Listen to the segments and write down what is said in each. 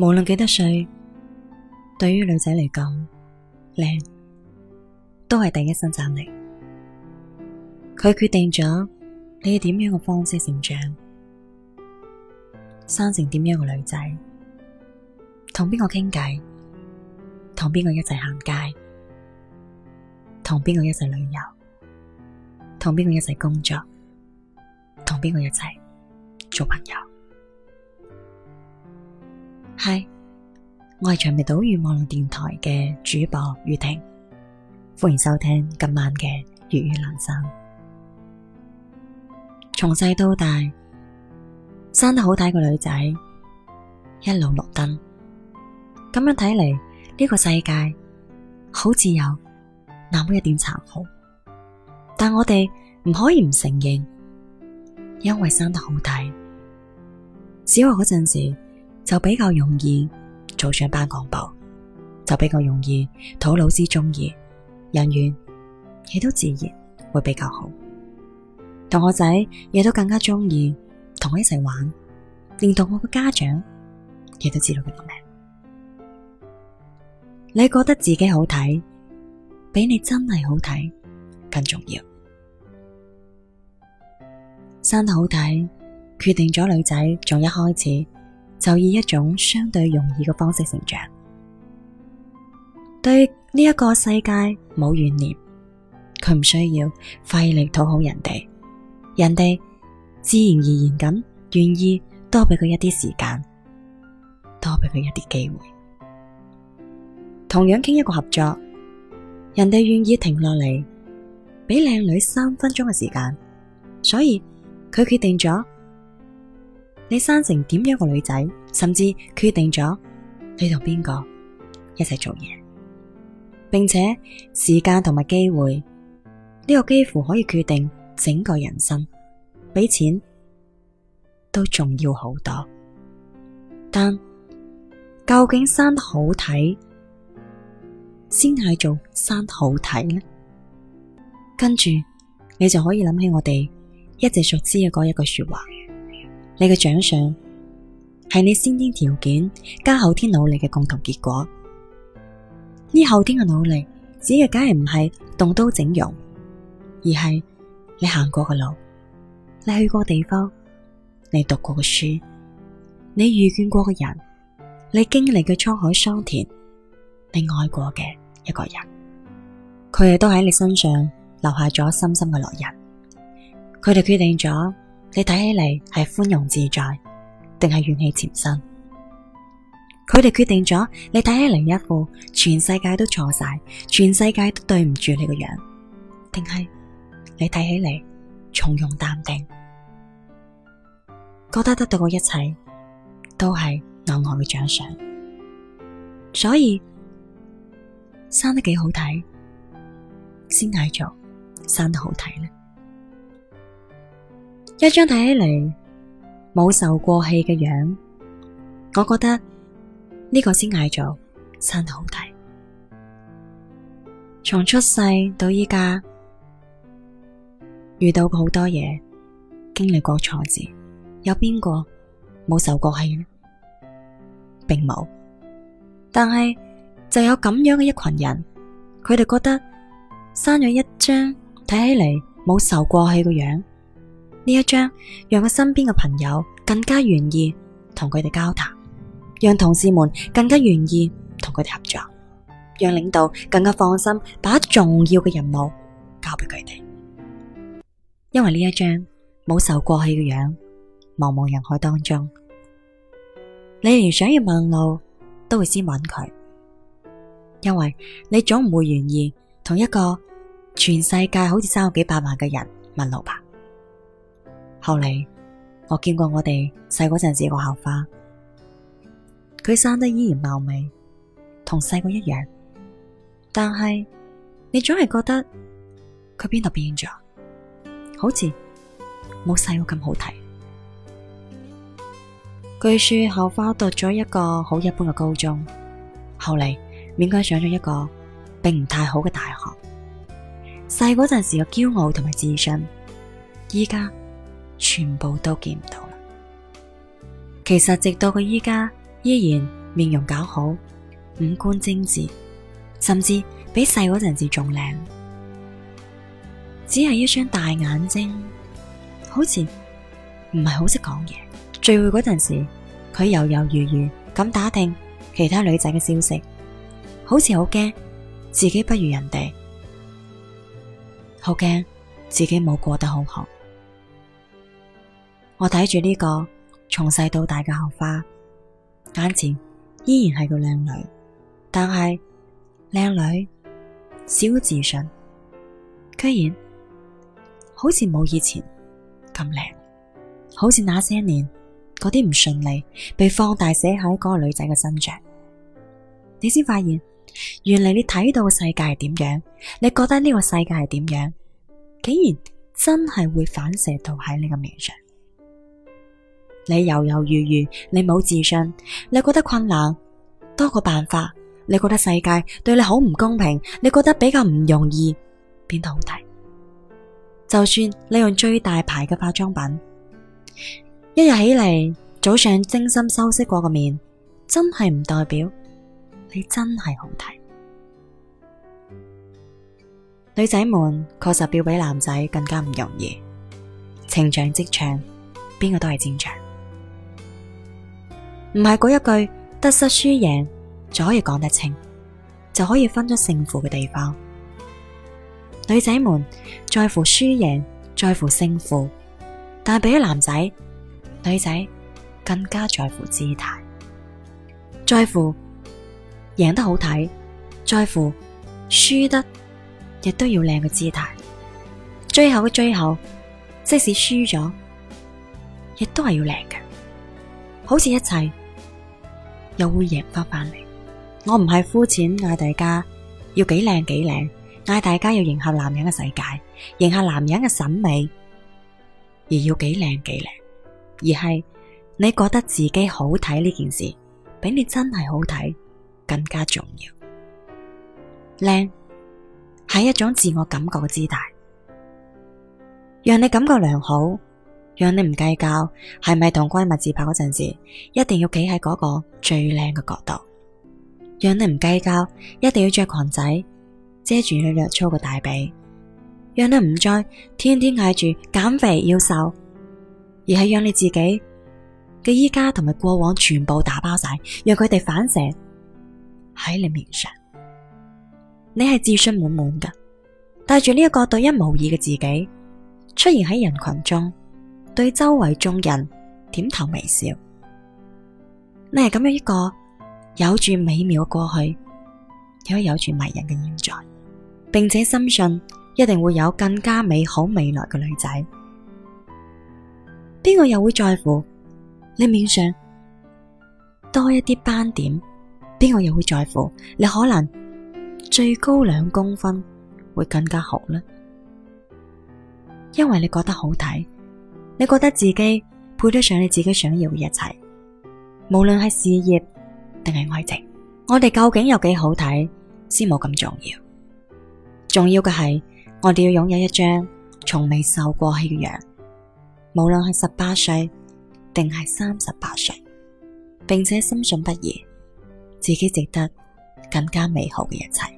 無論幾多歲，對於女仔嚟講，靚都係第一生產力。佢決定咗你係點樣嘅方式成長，生成點樣嘅女仔，同邊個傾偈，同邊個一齊行街，同邊個一齊旅遊，同邊個一齊工作，同邊個一齊做朋友。係，Hi, 我係長尾島粵語網絡電台嘅主播宇婷，歡迎收聽今晚嘅粵語男生。從細到大，生得好睇個女仔，一路綠燈。咁樣睇嚟，呢、這個世界好似有那麼一點殘酷。但我哋唔可以唔承認，因為生得好睇，小學嗰陣時。就比較容易做上班幹部，就比較容易討老師中意，人緣亦都自然會比較好。同學仔亦都更加中意同我一齊玩，連同學嘅家長亦都知道佢個名。你覺得自己好睇，比你真係好睇更重要。生得好睇，決定咗女仔，從一開始。就以一種相對容易嘅方式成長，對呢一個世界冇怨念，佢唔需要費力討好人哋，人哋自然而然咁願意多俾佢一啲時間，多俾佢一啲機會。同樣傾一個合作，人哋願意停落嚟俾靚女三分鐘嘅時間，所以佢決定咗。你生成點樣個女仔，甚至決定咗你同邊個一齊做嘢，並且時間同埋機會呢、這個幾乎可以決定整個人生，比錢都重要好多。但究竟生得好睇，先係做生得好睇呢？跟住你就可以諗起我哋一直熟知嘅嗰一句說話。你嘅長相係你先天條件加後天努力嘅共同結果。呢後天嘅努力，只係梗係唔係動刀整容，而係你行過嘅路，你去過嘅地方，你讀過嘅書，你遇見過嘅人，你經歷嘅滄海桑田，你愛過嘅一個人，佢哋都喺你身上留下咗深深嘅烙印，佢哋決定咗。你睇起嚟係寬容自在，定係怨氣纏身？佢哋決定咗，你睇起嚟一副全世界都錯晒，全世界都對唔住你個樣，定係你睇起嚟從容淡定，覺得得到嘅一切都係額外嘅獎賞。所以生得幾好睇，先嗌做生得好睇咧？一張睇起嚟冇受過氣嘅樣，我覺得呢個先嗌做「生得好睇」。從出世到依家，遇到好多嘢，經歷過挫折，有邊個冇受過氣呢？並冇，但係就有咁樣嘅一群人，佢哋覺得生咗一張睇起嚟冇受過氣嘅樣。呢一張，讓佢身邊嘅朋友更加願意同佢哋交談，讓同事們更加願意同佢哋合作，讓領導更加放心把重要嘅任務交俾佢哋。因為呢一張冇受過氣嘅樣，茫茫人海當中，你連想要問路都會先揾佢，因為你總唔會願意同一個全世界好似三個幾百萬嘅人問路吧。後嚟我見過我哋細嗰陣時個校花，佢生得依然貌美，同細個一樣。但係你總係覺得佢邊度變咗？好似冇細個咁好睇。據說校花讀咗一個好一般嘅高中，後嚟勉強上咗一個並唔太好嘅大學。細嗰陣時嘅驕傲同埋自信，依家。全部都見唔到啦。其實直到佢依家依然面容姣好，五官精致，甚至比細嗰陣時仲靚。只係一雙大眼睛，好似唔係好識講嘢。聚會嗰陣時，佢猶猶豫豫咁打聽其他女仔嘅消息，好似好驚自己不如人哋，好驚自己冇過得好好。我睇住呢個從細到大嘅校花，眼前依然係個靚女，但係靚女少自信，居然好似冇以前咁靚，好似那些年嗰啲唔順利被放大寫喺嗰個女仔嘅身上，你先發現原嚟，你睇到嘅世界係點樣，你覺得呢個世界係點樣，竟然真係會反射到喺你嘅面上。你猶猶豫豫，你冇自信，你覺得困難多個辦法，你覺得世界對你好唔公平，你覺得比較唔容易變好睇。就算你用最大牌嘅化妝品，一日起嚟早上精心修飾過個面，真係唔代表你真係好睇。女仔們確實要比男仔更加唔容易，情場職場，邊個都係戰場。唔係嗰一句得失輸贏就可以講得清，就可以分出勝負嘅地方。女仔們在乎輸贏，在乎勝負，但係比起男仔，女仔更加在乎姿態，在乎贏得好睇，在乎輸得亦都要靚嘅姿態。最後嘅最後，即使輸咗，亦都係要靚嘅，好似一切。又會贏翻翻嚟。我唔係膚淺，嗌大家要幾靚幾靚，嗌大家要迎合男人嘅世界，迎合男人嘅審美，而要幾靚幾靚，而係你覺得自己好睇呢件事，比你真係好睇更加重要。靚，係一種自我感覺嘅姿態，讓你感覺良好。讓你唔計較係咪同閨蜜自拍嗰陣時，一定要企喺嗰個最靚嘅角度，讓你唔計較一定要着裙仔遮住你略粗嘅大髀，讓你唔再天天嗌住減肥要瘦，而係讓你自己嘅依家同埋過往全部打包晒，讓佢哋反射喺你面上。你係自信滿滿嘅，帶住呢一個獨一無二嘅自己出現喺人群中。對周圍眾人點頭微笑，你係咁樣一個有住美妙過去，又可以有住迷人嘅現在，並且深信一定會有更加美好未來嘅女仔。邊個又會在乎你面上多一啲斑點？邊個又會在乎你可能最高兩公分會更加好呢？因為你覺得好睇。你覺得自己配得上你自己想要嘅一切，無論係事業定係愛情，我哋究竟有幾好睇先冇咁重要。重要嘅係我哋要擁有一張從未受過氣嘅樣，無論係十八歲定係三十八歲，並且深信不疑自己值得更加美好嘅一切。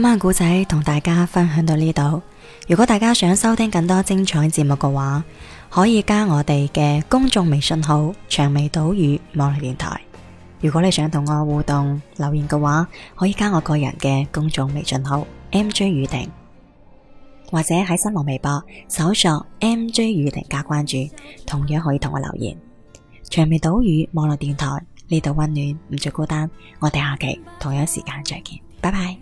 今晚故仔同大家分享到呢度。如果大家想收聽更多精彩節目嘅話，可以加我哋嘅公眾微信號“薔薇島嶼網絡電台”。如果你想同我互動留言嘅話，可以加我個人嘅公眾微信號 “NJ 宇婷”，或者喺新浪微博搜索 “NJ 宇婷”加關注，同樣可以同我留言。薔薇島嶼網絡電台呢度溫暖，唔再孤單。我哋下期同樣時間再見，拜拜。